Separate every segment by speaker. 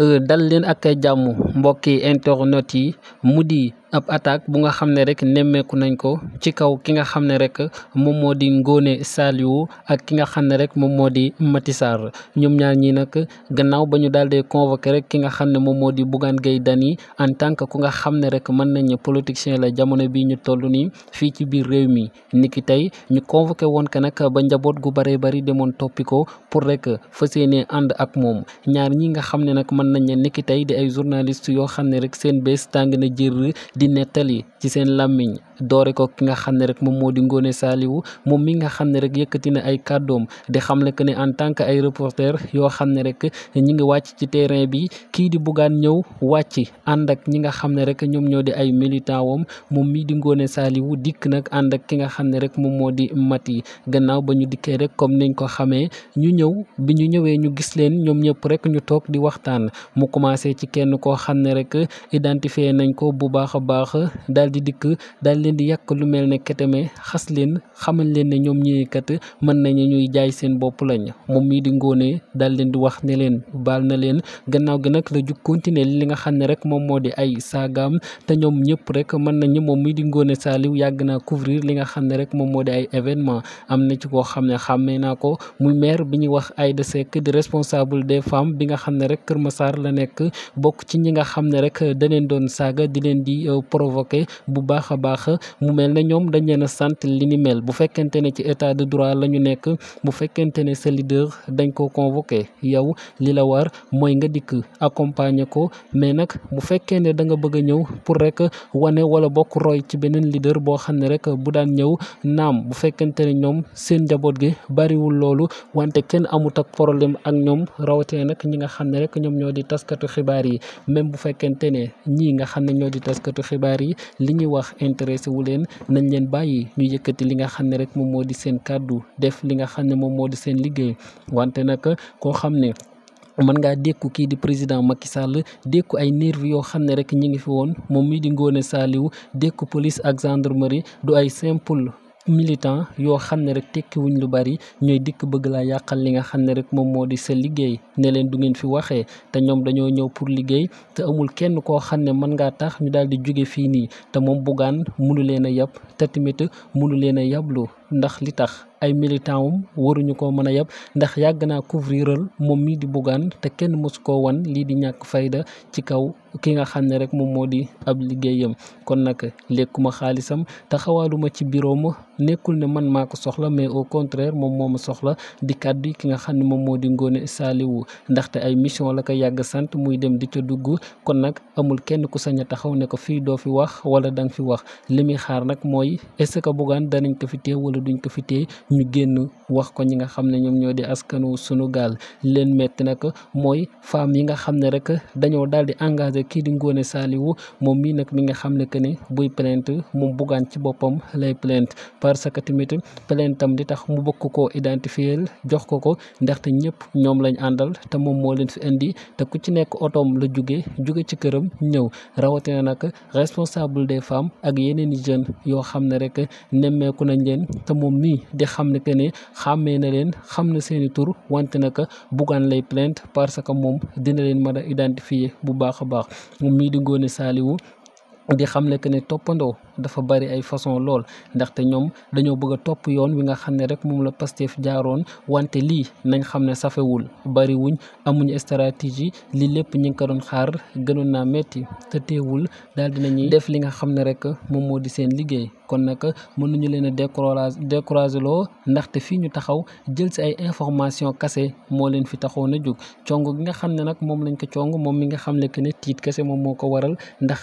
Speaker 1: Euh, dal leen ak jàmm mbokki internet yi mu di ab attaque bu nga xam ne rek nemmeeku nañ ko ci kaw ki nga xam ne rek moom moo di Ngone Saliou ak ki nga xam ne rek moom moo di Maty Sarr ñoom ñaar ñi nag gannaaw ba ñu daal di convoqué rek ki nga xam ne moom moo di Bougane Gueye Dany en tant que ku nga xam ne rek mën nañ politicien la jamono bi ñu toll nii fii ci biir réew mi niki tey ñu convoqué woon ko nag ba njaboot gu bëree bëri demoon toppi ko pour rek fa yéene ànd ak moom ñaar ñi nga xam ne nag mën nañ nikki tey di ay journaliste yoo xam ne rek seen bés tàng na jër di nettali ci seen làmmiñ doore ko ki nga xam ne rek moom moo di Ngoné Saliou moom mi nga xam ne rek yëkkati na ay kàddoom di xamle que ne yoo xam ne rek ñi ngi ci terrain bi kii di Bougane ñëw wàcc ak ñi nga xam ne rek ñoom ñoo di ay militant wam moom mii di Ngoné Saliou dikk nag ànd ak ki nga xam ne rek moom moo di yi gannaaw ba ñu dikkee rek comme niñ ko xamee ñu ñëw bi ñu ñëwee ñu gis leen ñoom ñëpp rek ñu toog di waxtaan mu commencé ci kenn koo xam ne rek identifié nañ ko bu baax baax daal di dikk daal leen di yàq lu mel ne keteme xas leen xamal leen ne ñoom ñëwee kat mën nañu ñuy jaay seen bopp lañ moom mii di ngóone daal leen di wax ne leen baal na leen gi nag la ju li nga xam ne rek moom moo di ay saagaam te ñoom ñëpp rek mën nañu moom mii di ngóone saaliw yàgg na couvrir li nga xam ne rek moom moo di ay événement am na ci koo xam ne xàmmee naa ko muy maire bi ñuy wax Aïda Seck di responsable de femmes bi nga xam ne rek Kër Massar la nekk bokk ci ñi nga xam ne rek da doon saaga di leen di euh, provoqué bu baax a baax mu mel ne ñoom dañ leen a sant li ni mel bu fekkente ne ci état de droit la ñu nekk bu fekkente ne sa leader dañ ko convoqué yow li la war mooy nga dikk accompagner ko mais nag bu fekkee ne da nga bëgg a ñëw pour rek wane wala bokk roy ci beneen leader boo xam ne rek bu daan ñëw naam bu fekkente ne ñoom seen njaboot gi bariwul loolu wante kenn amut ak problème ak ñoom rawatina nag ñi nga xam ne rek ñoom ñoo di taskatu xibaar yi même bu fekkente ne ñii nga xam ne ñoo di taskatu xibaar yi li ñuy wax intéressé wu leen nañ leen bàyyi ñu yëkkati li nga xam ne rek moom moo di seen kàddu def li nga xam ne moom moo di seen liggéey wante nag koo xam ne mën nga dékku kii di président Macky sàll dékku ay nervi yoo xam ne rek ñu ngi fi woon moom mii di Ngoone Saliou dékku police ak gendarmerie du ay simple militant yoo xam ne rek tekkiwuñ lu bari ñooy dikk bëgg laa yàqal li nga xam ne rek moom moo di sa liggéey ne leen du ngeen fi waxee te ñoom dañoo ñëw pour liggéey te amul kenn koo xam ne mën ngaa tax ñu daal di jóge fii nii te moom bugaan mënu leen a yab te tamit mënu leen a yablu ndax li tax ay militant wum waruñu ko mën a yab ndax yàgg naa couvriral moom mii di Bougane te kenn mësu koo wan lii di ñàkk fayda ci kaw ki nga xam ne rek moom moo di ab liggéeyam kon nag lekkuma xaalisam taxawaaluma ci bureau ma nekkul ne man maa ko soxla mais au contraire moom moo ma soxla di kàddu ki nga xam ne moom moo di Ngoone Saaliwu ndaxte ay mission la ko yàgg sant muy dem di ca dugg kon nag amul kenn ku sañ a taxaw ne ko fii doo fi wax wala danga fi wax li xaar nag mooy est duñ ko fi téye ñu génn wax ko ñi nga xam ne ñoom ñoo di askanu sunu gaal leen metti nag mooy femmes yi nga xam ne rek dañoo daal di engagé kii di ngoone Saliou moom mii nag mi nga xam ne que ne buy plainte moom buggaan ci boppam lay plainte parce que tamit plainte di tax mu bëgg koo identifier jox ko ko ndaxte ñëpp ñoom lañ àndal te moom moo leen fi indi te ku ci nekk otoom la jóge jóge ci këram ñëw rawatina nag responsable des femmes ak yeneen i jeunes yoo xam ne rek nemmeeku nañ leen moom mii di xam ne que ne xàmmee na leen xam na seeni tur wante naka Bougane lay plainte parce que moom dina leen mën a identifier bu baax a baax moom mii di Ngoné Saliou di xam ne que ne toppandoo dafa bari ay façon lool ndaxte ñoom dañoo bëgg a topp yoon wi nga xam ne rek moom la Pastef jaaroon wante lii nañ xam ne safewul bariwuñ amuñu stratégie lii lépp ñi ngi ko doon xaar gënoon naa metti te teewul daal dinañuy def li nga xam ne rek moom moo di seen liggéey kon nag nañu leen a décourage découragé loo ndaxte fii ñu taxaw jël si ay information kase moo leen fi taxoon a jóg cong gi nga xam ne nag moom lañ ko cong moom mi nga xam ne que ne tiit kase moom moo ko waral ndax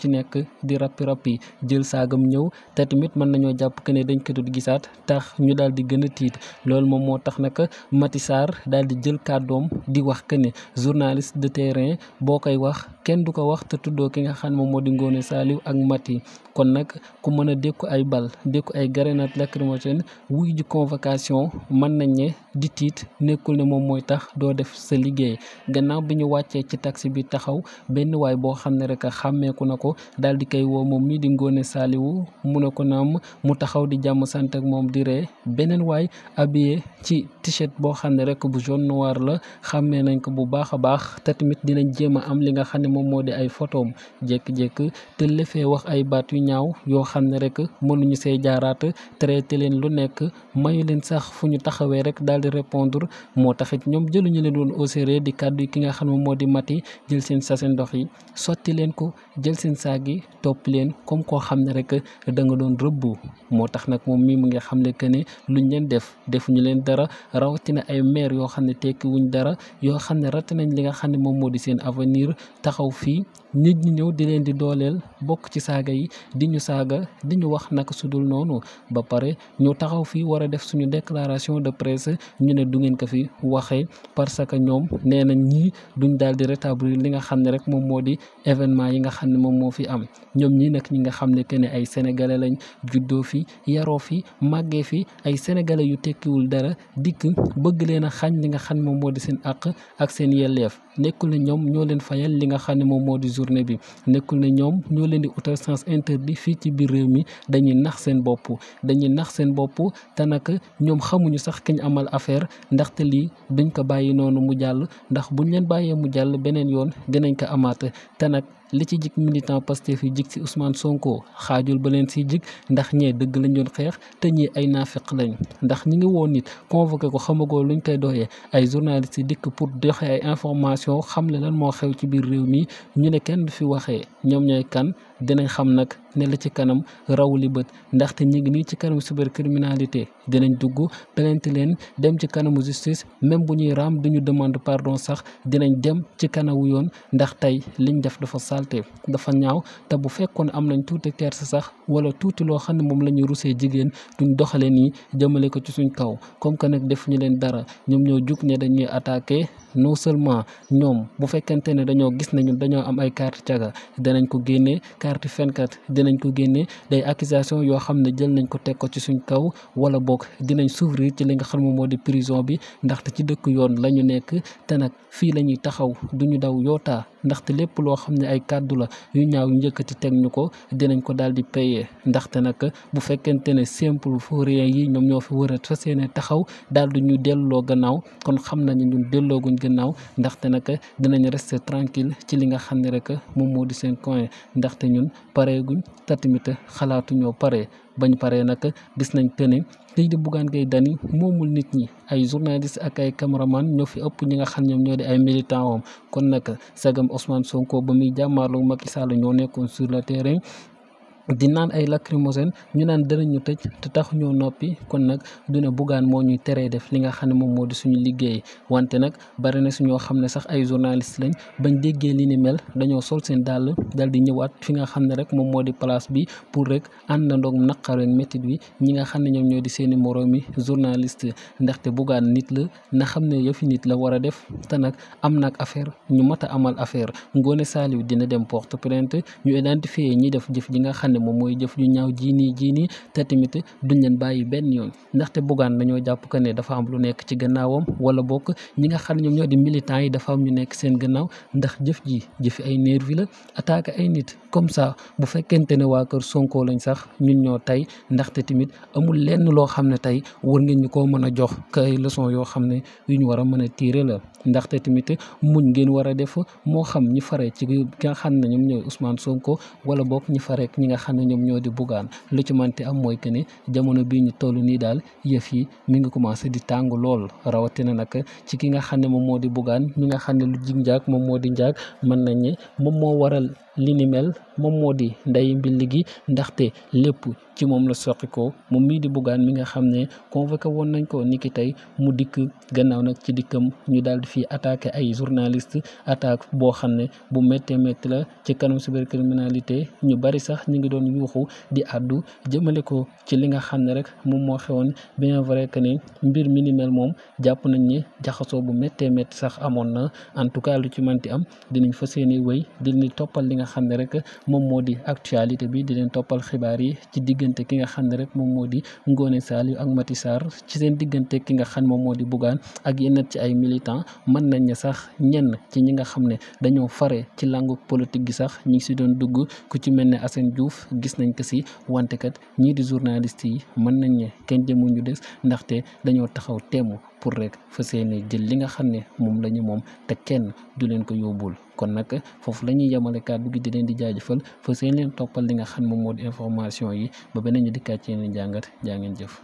Speaker 1: ci nekk takk di rappi rappi jël saagam ñëw te tamit mën nañoo jàpp que ne dañ ko dul gisaat tax ñu daal di gën a tiit loolu moom moo tax nag Maty Sarr daal di jël kàddoom di wax que ne journaliste de terrain boo koy wax kenn du ko wax te tuddoo ki nga xam moom moo di Ngoné Saliou ak Mati kon nag ku mën a dékku ay bal dékku ay grenade lacrymogène wuy ji convocation mën nañ ne di tiit nekkul ne moom mooy tax doo def sa liggéey gannaaw bi ñu wàccee ci taxi bi taxaw benn waay boo xam ne rek xàmmeeku na ko daal di koy woo moom mii di ngoone saaliwu mu ne ko naam mu taxaw di jàmm sant ak moom di ree beneen waay habillé ci t boo xam ne rek bu jaune noir la xàmmee moom moo di ay photoom jékki-jékki tëlle fee wax ay baat yu ñaaw yoo xam ne rek mënuñu see jaaraat traité leen lu nekk mayu leen sax fu ñu taxawee rek daal di répondre moo taxit ñoom jëluñu leen doon au sérieux di kàddu ki nga xam ne moo di mati jël seen sa seen ndox yi sotti leen ko jël seen saag yi topp leen comme koo xam ne rek da nga doon rëbbu. moo tax nag moom mii mu ngi ne que ne luñ leen def defuñu leen dara rawatina ay maire yoo xam ne tekki dara yoo xam ne ratt nañ li nga xam ne moom moo di seen avenir taxaw fii nit ñi ñëw di leen di dooleel bokk ci saaga yi di ñu saaga di ñu wax naka su dul noonu ba pare ñu taxaw fii war a def suñu déclaration de presse ñu ne du ngeen ko fi waxee parce que ñoom nee nañ ñii duñ daal di rétablir li nga xam ne rek moom moo di événement yi nga xam ne moom moo fi am ñoom ñii nag ñi nga xam ne que ne ay sénégalais lañ juddoo fi yaroo fi màggee fi ay sénégalais yu tekkiwul dara dikk bëgg leen a xañ li nga xam moom moo di seen àq ak seen yelleef nekkul ne ñoom ñoo leen fayal li nga xam ne moom moo di journée bi nekkul ne ñoom ñoo leen di utal sens interdit fii ci biir réew mi dañuy nax seen bopp dañuy nax seen bopp te nag ñoom xamuñu sax kiñ amal affaire ndaxte lii duñ ko bàyyi noonu mu jàll ndax buñ leen bàyyee mu jàll beneen yoon dinañ ko amaat te nag li ci jik militant Pastef yu jik si Ousmane Sonko xaajul ba leen siy jik ndax ñee dëgg lañ doon xeex te ñii ay naafiq lañ ndax ñi ngi woon nit convoqué ko xamagoo lu ñu koy doxee ay journalistes ci dikk pour doxee ay information xam le lan moo xew ci biir réew mi ñu ne kenn du fi waxee ñoom ñooy kan dinañ xam nag ne la ci kanam raw li bët ndaxte ñu ngi nii ci kanam cybercriminalité dinañ dugg plainte leen dem ci kanamu justice même bu ñuy raam duñu demande pardon sax dinañ dem ci kanamu yoon ndax tey liñ def dafa salte dafa ñaaw te bu fekkoon am nañ tuuti kersa sax wala tuuti loo xam ne moom la ñu rusee jigéen duñ doxale nii jëmale ko ci suñ kaw comme que nag def ñu leen dara ñoom ñoo jug ne dañuy attaqué non seulement ñoom bu fekkente ne dañoo gis ne dañoo am ay carte carte 24 dinañ ko génne day accusation yoo xam ne jël nañ ko teg ko ci suñ kaw wala bokk dinañ s'ouvrir ci li nga xam ne moo di prison bi ndaxte ci dëkk yoon la ñu nekk te nag fii la ñuy taxaw duñu daw yootaa ndaxte lépp loo xam ne ay kàddu la yu ñaaw yu njëkkati teg ñu ko dinañ ko daal di payer ndaxte nag bu fekkente ne simple rien yi ñoom ñoo fi war a fas taxaw daal di ñu delloo gannaaw kon xam nañu ñun dellooguñ gannaaw ndaxte nag dinañ rester tranquille ci li nga xam ne rek moom moo di seen coin ndaxte ñun pareeguñ te tamit xalaatuñoo pare. bañ paree nag gis nañ que ne lii di Bougane Gueye Dany moomul nit ñi ay journaliste ak ay caméraman ñoo fi ëpp ñi nga xam ñoom ñoo di ay militant woom kon nag sagam Ousmane Sonko ba muy jàmmaarlu Macky Sall ñoo nekkoon sur le terrain. di naan ay lacrymogène ñu naan danañ ñu tëj te taxuñoo noppi kon nag du ne Bougane moo ñuy teree def li nga xam ne moom moo di suñu liggéey wante nag bari na suñoo xam ne sax ay journaliste lañ bañ déggee li ni mel dañoo sol seen dàll dal di ñëwaat fi nga xam ne rek moom moo di place bi pour rek àndandoog naqar ak métit bi ñi nga xam ne ñoom ñoo di seeni moroomi journaliste ndaxte Bougane nit la na xam ne yëfi nit la war a def te nag am nag affaire ñu mat a amal affaire Ngoné xam ne moom mooy jëf ñu ñaaw jii nii jii nii te tamit duñ leen bàyyi benn yoon ndaxte Bougane dañoo jàpp que ne dafa am lu nekk ci gannaawam wala bokk ñi nga xam ne ñoom ñoo di militants yi dafa am ñu nekk seen gannaaw ndax jëf ji jëfi ay nervi la attaque ay nit comme ça bu fekkente ne waa kër Sonko lañ sax ñun ñoo tey ndaxte tamit amul lenn loo xam ne tey war ngeen ñu koo mën a jox kay leçon yoo xam ne yu ñu war a mën a tiire la ndax tamit muñ ngeen war a def moo xam ñi fare ci nga xam ne ñoom ñooy Ousmane Sonko wala bokk ñi fare ñi nga xam ne ñoom ñoo di bugaan lu ci manti am mooy que ne jamono bii ñu toll nii daal yëf yi mi ngi commencé di tàng lool rawatina nag ci ki nga xam ne moom moo di bugaan mi nga xam ne lu jig njaag moom moo di njaag mën nañ ne moom moo waral li ni mel moom moo di nday mbill gi ndaxte lépp ci moom la soqi ko moom mii di Bougane mi nga xam ne convoqué woon nañ ko niki tey mu dikk gannaaw nag ci dikkam ñu daal di fi attaqué ay journaliste attaque boo xam ne bu méttee métti la ci kanam cybercriminalité ñu bari sax ñu ngi doon yuuxu di àddu jëmale ko ci li nga xam ne rek moom moo xewoon bien vrai que ni mbir mi moom jàpp nañ ne jaxasoo bu méttee métti sax amoon na en tout cas lu ci manti am dinañ xam ne rek moom moo di actualité bi di leen toppal xibaar yi ci diggante ki nga xam ne rek moom moo di Ngone Saliou ak Mati Sarr ci seen diggante ki nga xam moom moo di Bougane ak yenn ci ay militants mën nañ ne sax ñenn ci ñi nga xam ne dañoo fare ci langu politique gi sax ñi ngi si doon dugg ku ci mel ne Assane Diouf gis nañ ko si wante kat ñii di journaliste yi mën nañ ne kenn jëmu ñu ndaxte dañoo taxaw teemu pour rek fa seeni jël li nga xam ne moom la ñu moom te kenn du leen ko yóbbul kon nag foofu la ñuy yemale kàddu gi di leen di jaajëfal fa seen leen toppal li nga xam moom moo di information yi ba beneen ñu di ci yeneen jàngat jaa ngeen jëf